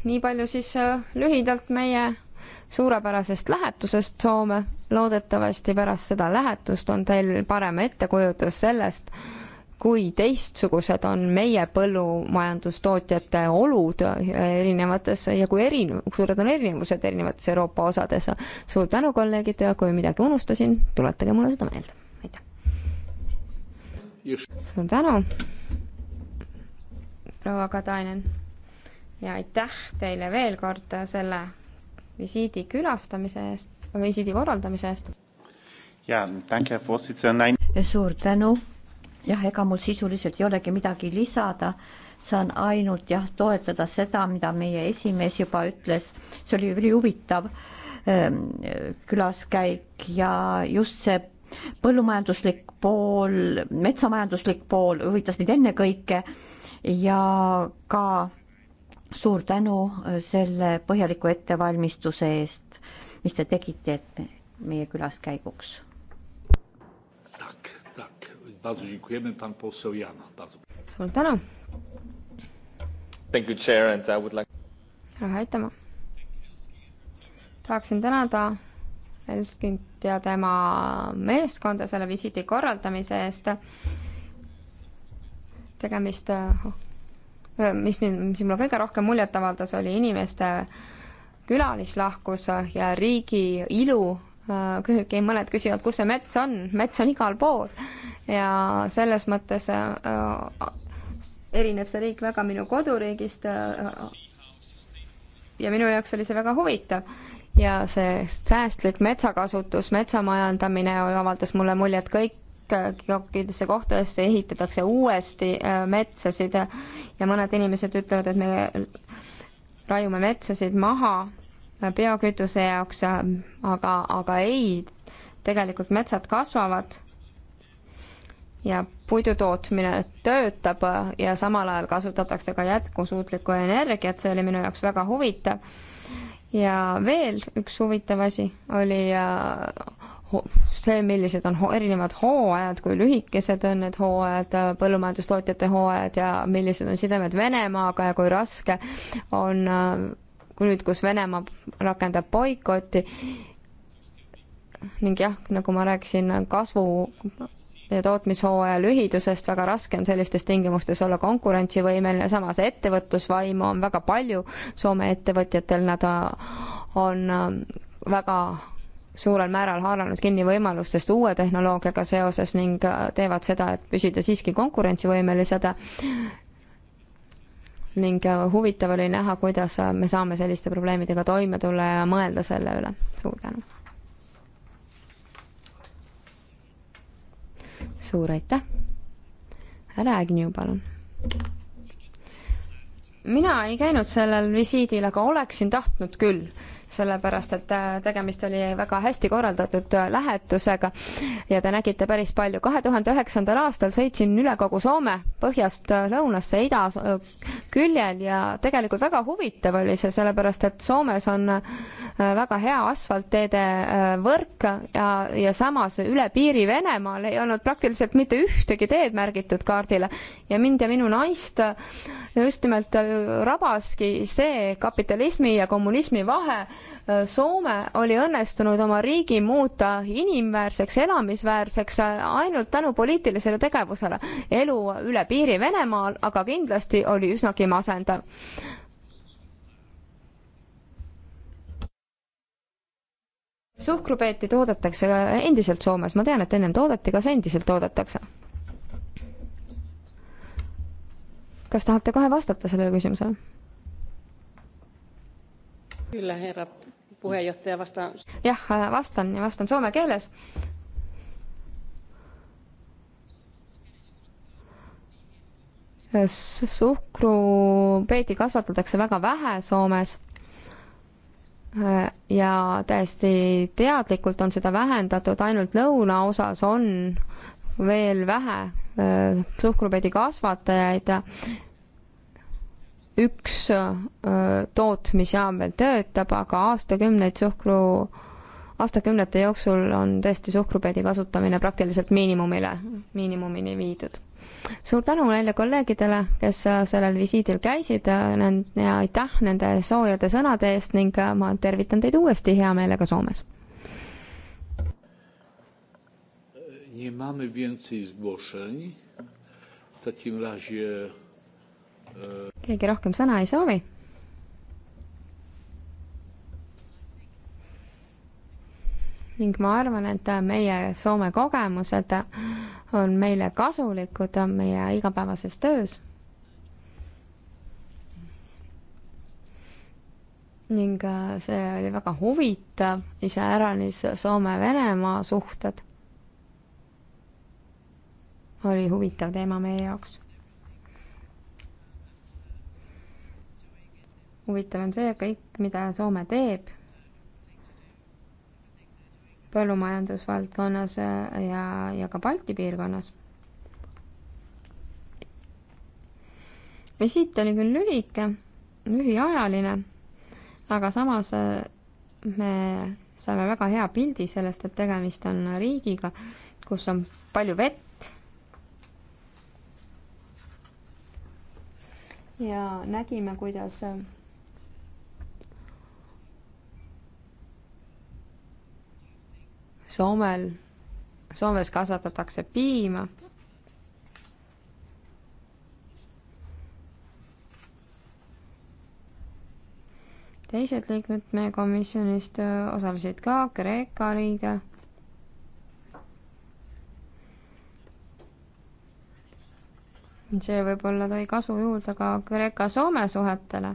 nii palju siis äh, lühidalt meie suurepärasest lähetusest Soome. loodetavasti pärast seda lähetust on teil parem ettekujutus sellest, kui teistsugused on meie põllumajandustootjate olud erinevates ja kui erin-, suured on erinevused erinevates Euroopa osades. suur tänu, kolleegid, ja kui midagi unustasin, tuletage mulle seda meelde, aitäh. suur tänu, proua Katainen ja aitäh teile veel kord selle visiidi külastamise eest, visiidi korraldamise eest. ja, suur tänu jah, ega mul sisuliselt ei olegi midagi lisada, saan ainult jah, toetada seda, mida meie esimees juba ütles, see oli ülihuvitav ähm, külaskäik ja just see põllumajanduslik pool, metsamajanduslik pool huvitas mind ennekõike ja ka suur tänu äh, selle põhjaliku ettevalmistuse eest, mis te tegite meie külaskäiguks suur tänu. härra Haitamaa. tahaksin tänada Elskint ja tema meeskonda selle visiidi korraldamise eest. tegemist, eh, mis mind, mis mulle kõige rohkem muljet avaldas, oli inimeste külalislahkus ja riigi ilu kuigi mõned küsivad, kus see mets on, mets on igal pool ja selles mõttes äh, erineb see riik väga minu koduriigist. Äh, ja minu jaoks oli see väga huvitav ja see säästlik metsakasutus, metsamajandamine avaldas mulle muljet kõik äh, kõikidesse kohtadesse ehitatakse uuesti metsasid ja mõned inimesed ütlevad, et me raiume metsasid maha biokütuse jaoks, aga, aga ei, tegelikult metsad kasvavad ja puidutootmine töötab ja samal ajal kasutatakse ka jätkusuutlikku energiat, see oli minu jaoks väga huvitav. ja veel üks huvitav asi oli äh, see, millised on erinevad hooajad, kui lühikesed on need hooajad, põllumajandustootjate hooajad ja millised on sidemed Venemaaga ja kui raske on äh, kui nüüd, kus Venemaa rakendab boikoti ning jah, nagu ma rääkisin, kasvu ja tootmishooaja lühidusest, väga raske on sellistes tingimustes olla konkurentsivõimeline, samas ettevõtlusvaimu on väga palju Soome ettevõtjatel, nad äh, on äh, väga suurel määral haaranud kinni võimalustest uue tehnoloogiaga seoses ning äh, teevad seda, et püsida siiski konkurentsivõimelised ning äh, huvitav oli näha, kuidas äh, me saame selliste probleemidega toime tulla ja mõelda selle üle. suur tänu. suur aitäh. härra Ägniu, palun. mina ei käinud sellel visiidil, aga oleksin tahtnud küll sellepärast et äh, tegemist oli väga hästi korraldatud äh, lähetusega ja te nägite päris palju. kahe tuhande üheksandal aastal sõitsin üle kogu Soome põhjast äh, lõunasse ida küljel ja tegelikult väga huvitav oli see, sellepärast et Soomes on väga hea asfaltteede võrk ja, ja samas üle piiri Venemaal ei olnud praktiliselt mitte ühtegi teed märgitud kaardile ja mind ja minu naist just nimelt rabaski see kapitalismi ja kommunismi vahe Soome oli õnnestunud oma riigi muuta inimväärseks, elamisväärseks ainult tänu poliitilisele tegevusele. elu üle piiri Venemaal aga kindlasti oli üsnagi masendav. suhkrupeeti toodetakse endiselt Soomes, ma tean, et ennem toodeti, kas endiselt toodetakse? kas tahate kohe vastata sellele küsimusele? Kyllä, herra puheenjohtaja, vastaan. jah, äh, vastan ja vastan soome keeles. suhkrupeeti kasvatatakse väga vähe Soomes äh, ja täiesti teadlikult on seda vähendatud, ainult lõunaosas on veel vähe äh, suhkrupeedi kasvatajaid ja, üks äh, tootmisjaam veel töötab, aga aastakümneid suhkru, aastakümnete jooksul on tõesti suhkrupeedi kasutamine praktiliselt miinimumile, miinimumini viidud. suur tänu neile kolleegidele, kes äh, sellel visiidil käisid äh, ja aitäh nende soojade sõnade eest ning ma tervitan teid uuesti hea meelega Soomes. Nie mamy więcej zgłoszeń. W takim razie keegi rohkem sõna ei soovi? ning ma arvan, et meie Soome kogemused on meile kasulikud meie igapäevases töös. ning see oli väga huvitav, iseäranis Soome-Venemaa suhted oli huvitav teema meie jaoks huvitav on see, kõik, mida Soome teeb põllumajandusvaldkonnas äh, ja, ja ka Balti piirkonnas. visiit oli küll lühike, lühiajaline, aga samas äh, me saime väga hea pildi sellest, et tegemist on riigiga, kus on palju vett. ja nägime, kuidas äh, Soomel, Soomes kasvatatakse piima. teised liikmed meie komisjonist osalesid ka, Kreeka liige see võib-olla tõi kasu juurde ka Kreeka-Soome suhetele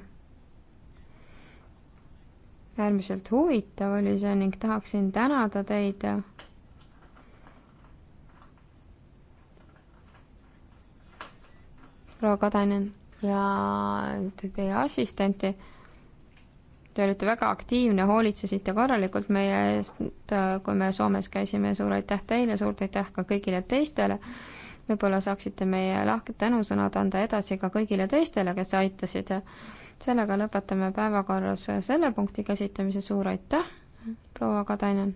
äärmiselt huvitav oli see ning tahaksin tänada teid proua Kadanen ja teie assistenti. Te olite väga aktiivne, hoolitsesite korralikult meie eest, kui me Soomes käisime, suur aitäh teile, suur aitäh ka kõigile teistele. võib-olla saaksite meie lahked tänusõnad anda edasi ka kõigile teistele, kes aitasid sellega lõpetame päevakorras selle punkti käsitlemise, suur aitäh, proua Katainen.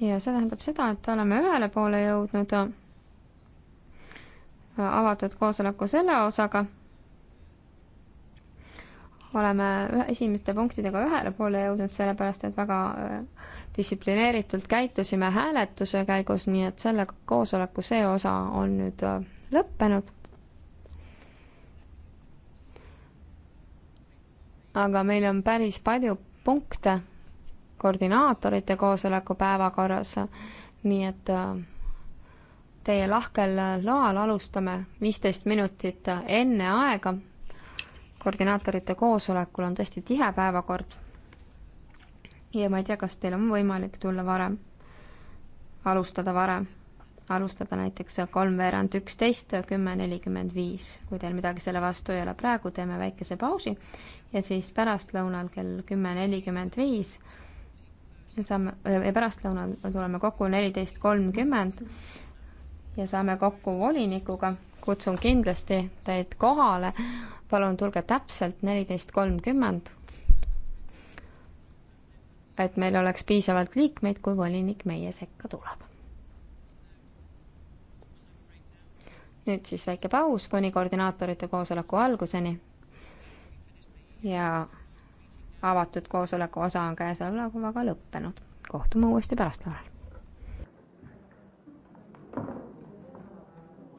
ja see tähendab seda, et oleme ühele poole jõudnud avatud koosoleku selle osaga. oleme esimeste punktidega ühele poole jõudnud, sellepärast et väga äh, distsiplineeritult käitusime hääletuse käigus, nii et selle koosoleku see osa on nüüd äh, lõppenud aga meil on päris palju punkte koordinaatorite koosoleku päevakorras, nii et äh, teie lahkel äh, loal alustame viisteist minutit äh, enne aega. koordinaatorite koosolekul on tõesti tihe päevakord. ja ma ei tea, kas teil on võimalik tulla varem, alustada varem alustada näiteks kolmveerand üksteist, kümme nelikümmend viis. kui teil midagi selle vastu ei ole, praegu teeme väikese pausi ja siis pärastlõunal kell kümme nelikümmend viis saame, ja pärastlõunal tuleme kokku neliteist kolmkümmend ja saame kokku volinikuga. kutsun kindlasti teid kohale. palun tulge täpselt neliteist kolmkümmend. et meil oleks piisavalt liikmeid, kui volinik meie sekka tuleb. nüüd siis väike paus kuni koordinaatorite koosoleku alguseni. ja avatud koosoleku osa on käesolevaga nagu lõppenud. kohtume uuesti pärastlõunal.